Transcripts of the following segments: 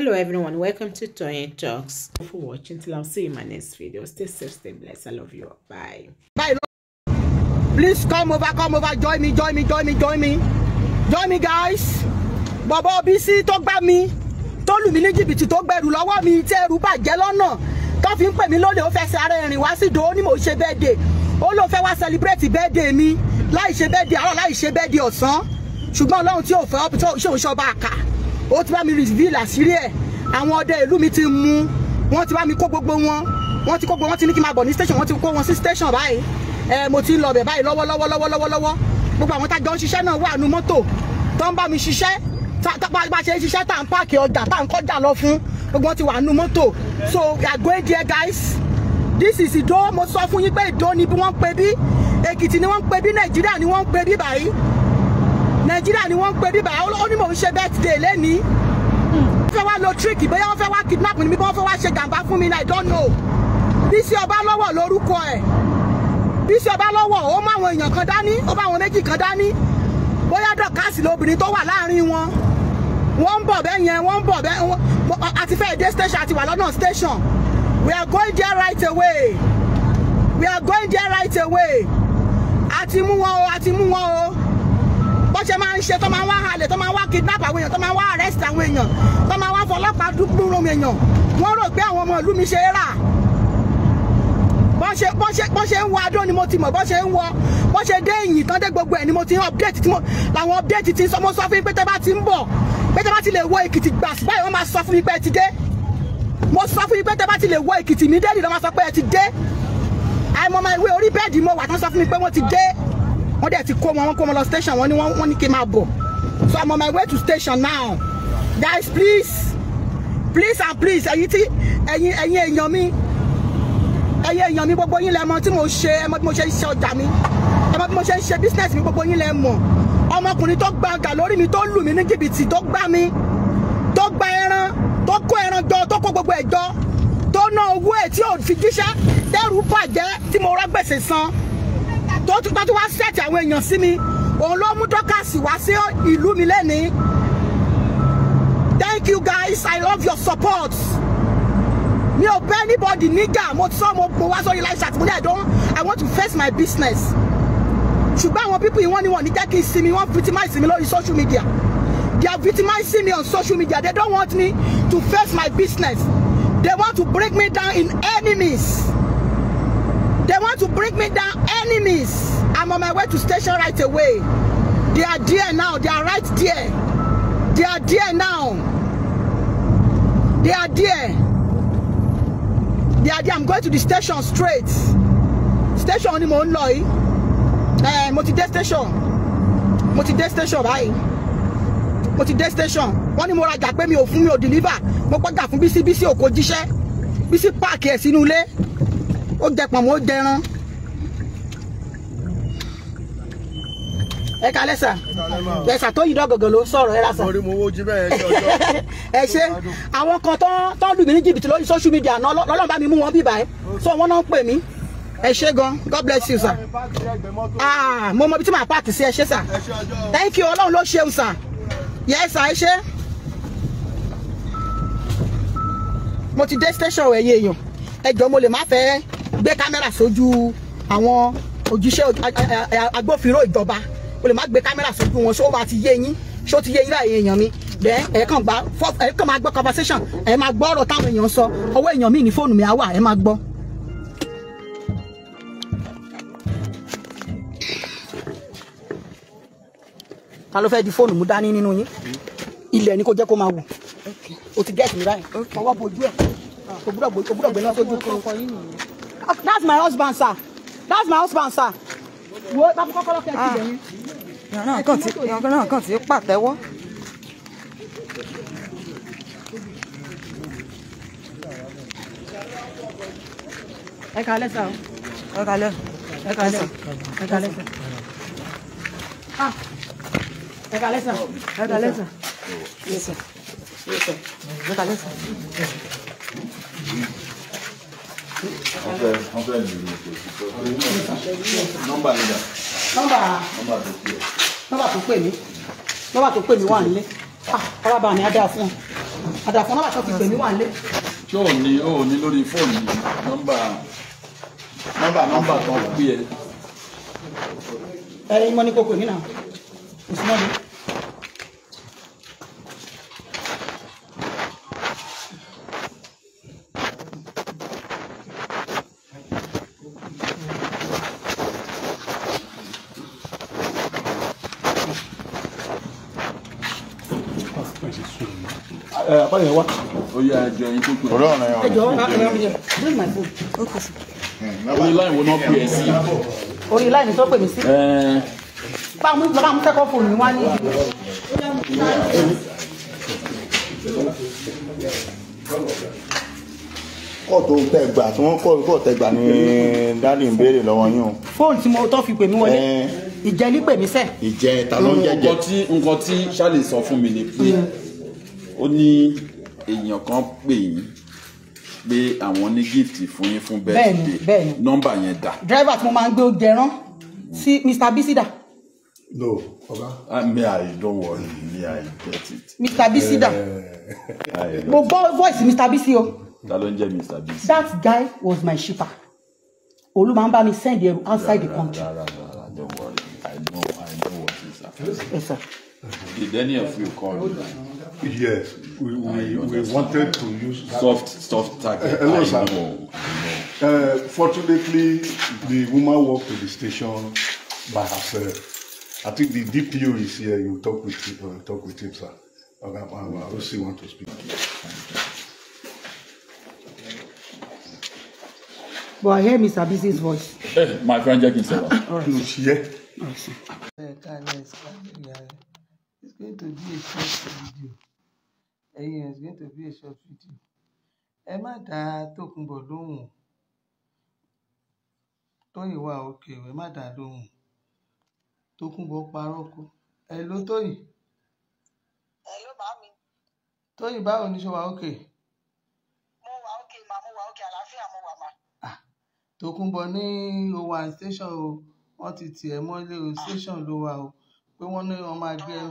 hello everyone welcome to Toyin Talks Thank you for watching till i'll see you in my next video stay safe stay blessed i love you bye bye please come over come over join me join me join me join me join me guys bọ̀bọ̀ Bísí tó gbá mi tó lù mí ní jìbìtì tó gbẹrù lọ́wọ́ mi tí ẹrù bàjẹ́ lọ́nà tó fi ń pè mí o fe se ara ẹ̀rìn wá sí ìdòwò ni mo ń ṣe birthday ó lóun fẹ́ wá celebrate birthday mi láì ṣe birthday aro láì ṣe birthday ọ̀sán ṣùgbọ́n ọlọ́run tí ò fẹ́ ọ́ tí òun ṣe òun ṣọba àkà ó ti bá mi reveal àṣírí ẹ̀ àwọn ọdẹ ìlú mi ti mú wọ́n ti bá mi kó gbogbo wọn wọ́n ti kó gbogbo wọn ti ní kí n máa bọ̀ ní station wọ́n ti kó wọn sí station báyìí ẹ mo ti lọ bẹ̀ báyìí lọ́wọ́lọ́wọ́ lọ́wọ́lọ́wọ́ gbogbo àwọn tájọ ń ṣiṣẹ́ náà wà nù mọ́tò tó ń bá mi ṣiṣẹ́ bá a ṣe ń ṣiṣẹ́ tá à ń páàkì ọjà tá à ń kọjá lọ fún gbogbo wọn ti wà nù mọ́tò so we are going there guys this is Ìdó mo sọ fún yín pé Ìdó ni bí wọ́n ń pe bí Èkìtì ni wọ́n ń pe bí Nàìjíríà ni wọ́n ń pe bí báyìí nàìjíríà ni wọ́n ń pe bíbà ó ní mò ń ṣe birthday lẹ́ni wọ́n fẹ́ wá lo trick bóyá wọ́n fẹ́ wá kidnap mi bóyá wọ́n fẹ́ wá ṣe jàǹbá fún mi náà I don't know Bísí Ọbálọ́wọ̀ lórúkọ ẹ̀ Bísí Ọbálọ́wọ̀ ó mú àwọn èèyàn kan dání ó bá àwọn méjì kan dání bóyá dọ̀kásì lóbìnrin tó wà láàrin wọn wọ́n ń bọ̀ bẹ́ẹ̀ yẹn wọ́n ń bọ̀ bẹ́ẹ̀ àti fẹ́ẹ̀ dé station àti wà lọ́nà station we are going there right away we are going there right away àti mú wọn o àti mú wọn o bó ṣe máa ń ṣe tó máa ń wá halẹ̀ tó máa ń wá kidnap àwọn èèyàn tó máa ń wá arrest àwọn èèyàn tó máa ń wá fọlọ́pàá dúpọ̀ rún èèyàn wọ́n rò pé àwọn ọmọ ìlú mi ṣe é rà bó ṣe ń wọ adó ni mo ti mọ̀ bó ṣe ń wọ bó ṣe dé ìyìn tán dé gbogbo ẹ̀ ni mo ti ń update làwọn update ti sọ sọ fún yín pé tẹ́ bá ti ń bọ̀ pé tẹ́ bá ti lè wọ Èkìtì gbàsí báyìí wọ́n máa sọ fún mi pé ẹ ti dé mo sọ fún yín pé tẹ́ bá ti lè wọ Èkìtì mi dé nìyẹn wọ́n máa sọ pé ẹ ti dé àìmọ̀ máa ìwé orí bẹ́ẹ̀dì mo wà tán sọ fún mi pé wọ́n ti dé wọ́n dẹ̀ ti kó wọn wọ́n kó wọn lọ station wọ́n ní wọ́n ní kí n máa bọ̀ so i'm on my way to station now guys please please and please ẹ̀yin tí ẹ̀yin ẹ̀yin èèyàn mi ẹ̀yin èèyàn mi gbogbo yín lẹ mọ̀ tí mo ṣe ẹ mọ̀ bí mo ṣe ń ṣe ọjà mi ẹ mọ̀ bí mo ṣe ń ṣe business mi gbogbo yín lẹ mọ̀ ọmọkùnrin tó gba ọjà lórí mi tó lù mí ní jìbìtì tó gbá mi tó gba ẹran tó kó ẹran jọ tó kó gbogbo ẹ̀ jọ tó ná owó ẹ̀ tí ò fi jíṣẹ́ dẹ́rù bàjẹ́ tí mo rá gbèsè san tó tún tó wá sẹ́ẹ̀tì àwọn èèyàn sí mi òun ló mú dọ́kàsì wá sí ìlú mi lẹ́nìí thank you guys i love your support mi ò bẹ́ anybody níjà mo sọ mo mo wá sórí live chat mo ní i don i want to face my business ṣùgbọ́n àwọn people yìí wọ́n ní wọ́n ní jẹ́ kí n sinmi wọ́n victimize mi lórí social media they are victimizing me on social media they don't want me to face my business they want to break me down in enemies. They want to bring me down enemies. I'm on my way to station right away. They are there now. They are right there. They are there now. They are there. They are there. I'm going to the station straight. Station ni mo ń lọ yìí. Eh, mo station. Multi day station báyìí. Multi day station. One more mo rajà pé mi ò fún mi deliver. Mo pọ́jà fún Bísí Bísí òkò jíṣẹ́. Bísí páàkì ẹ̀ sínú ó jẹ pọ̀nmọ́ ó jẹ ẹran. ẹ kalẹ sà ẹsà tó yìí lọgọgàn ló ń sọ̀rọ̀ ẹ ra sà. orí mo wo jí bẹ́ẹ̀ ẹjọ́ ọjọ́. ẹ ṣe àwọn kan tó tó lù mí ní jìbìtì lórí social media náà lọ́lọ́run bá mi mú wọn bíbá ẹ so wọ́n náà ń pè mí ẹ ṣe gan god bless you sà. Ah, mo mọ ibi tí màá pààkì sí ẹ ṣe sà thank you ọlọ́run ló ṣeun sà Yes, sà ẹ ṣe. mo ti dé station ẹ̀yẹ èèyàn ẹ jọ̀ọ́ mo lè má fẹ́ gbé kámẹ́rà sójú àwọn òjíṣẹ́ agbófinró ìjọba o lè má gbé kámẹ́rà sójú wọn ṣó máa ti yé yín ṣó ti yé yín láàyè èèyàn mi dẹ ẹ kàn gbá ẹ kàn máa gbọ́ conversation ẹ máa gbọ́ ọ̀rọ̀ táwọn èèyàn sọ ọwọ́ èèyàn mi ní fóònù mi á wà ẹ máa gbọ́. ta ló fẹ́ di fóònù mú dání nínú yín ilẹ̀ ni kò jẹ́ kó máa wù o ti gẹ́ẹ̀tì mi báyìí ọwọ́ bojú ẹ̀ kò gbúdọ̀ gbé náà sójú kan that's my husband sir that's my husband sir wo bàbá on, kẹ́ ẹ ti ah. bẹ̀yẹn. ìyàwó náà kàn tí ó pàtẹ́wọ́. ẹ kalẹ sa o. ẹ kalẹ ẹ kalẹ sa ẹ kalẹ sa. ah sir. ẹ kalẹ sa ẹ kalẹ sa. ẹ kalẹ sir fẹ́ wọ́n fẹ́ lù mí kò sí tó pè mí wà nílé ọba ah, bá mi adá fún tó pè mí wà nílé. ṣé ò ní ò ní lórí fóònù nọ́mbà nọ́mbà nọ́mbà kan pè é. ẹ̀yin mọ́ ní kókò yín náà kò sí mọ́ mi. ẹ apáyọ yẹn wá. ó yẹ àjọ yín tó pè é. ọ̀rọ̀ ọ̀rọ̀ yẹn Oh, orí láì wo náà pè é sí. orí láì is tó pè mí sí. bá mi bá mi kẹ́kọ̀ọ́ fòun ní wá ní. kóòtù tẹgbà tí wọ́n kóòtù kóòtù tẹgbà ni dáàdi ń béèrè lọ́wọ́ yín o. fóònù tí mo tọ́ fi pè mí wọlé ìjẹ́ ní pè mí sẹ́. ìjẹ́ ta ló ń jẹ́jẹ́. nǹkan tí nǹkan tí Charlie sọ fún mi ni pé mm ó ní èèyàn kan pè yín pé àwọn ní gíftì fún yín fún birthday nọ́mbà yẹn dà. dírẹ́fà tí mo máa ń gbé gẹran sí Mr. Bisida. no oga. Okay. Ah, me i don't worry me i get it. Mr. Bisida eh. mo gbọ́ voice Mr. Bisi o. ta ló ń jẹ́ Mr. Bisi. that guy was my shipper olú máa ń bá mi send ẹrù outside the country. rárá rárá don't worry i know i know what is happening. Yes, sir. Did any of you call Yes, we, we, we wanted to use soft soft target. Uh, eh, hello, eh, I know. Uh, fortunately, the woman walked to the station by herself. I think the DPO is here. You talk with uh, talk with him, sir. Okay, I also want to speak. But I hear Mr. Business voice. Hey, my friend Jack himself. All right. Yeah. All It's going to be a short video. Ẹyin, it's going to be a short video. Ẹ má dá Tókunbọ̀ lóhùn. Tóyìn wà òkè ẹ má dá lóhùn. Tókunbọ̀ parọ́ kú. Ẹ ló Tóyìn. Ẹ ló bá mi. Tóyìn báwo ni ṣe wà òkè? Mo wà òkè mà, mo wà òkè àlàáfíà mo wà mà. Tókunbọ̀ ní owó station o, wọ́n ti tì mọ́lé o, station ló wà o, pé wọ́n ní wọ́n máa gbé ẹ.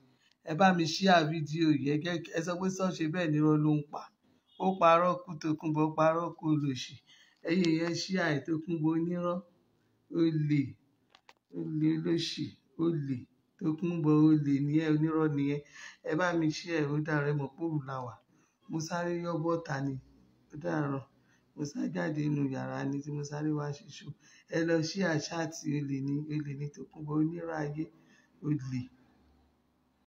ẹ bá mi ṣíà fídíò yìí ẹ sọ pé sọ́ọ̀ṣì bẹ́ẹ̀ nírọ́ ló ń pa ó parọ́ kú Tókunbọ̀ ó parọ́ kú olòṣì ẹ̀yìn ìyẹn ṣíà ẹ̀ Tókunbọ̀ onírọ́ olè olè olòṣì olè Tókunbọ̀ olè nìyẹn onírọ́ nìyẹn ẹ bá mi ṣíà ẹ̀ ó dára ẹ mọ̀ pòrò làwà mo sáré yọ bọ́ta ni ó dàárọ̀ mo sá jáde inú yàrá ni tí mo sáré wá ṣíṣú ẹ lọ ṣíà ṣáàtì olè ní olè ní Tókunbọ̀ onírọ́ ayé olè.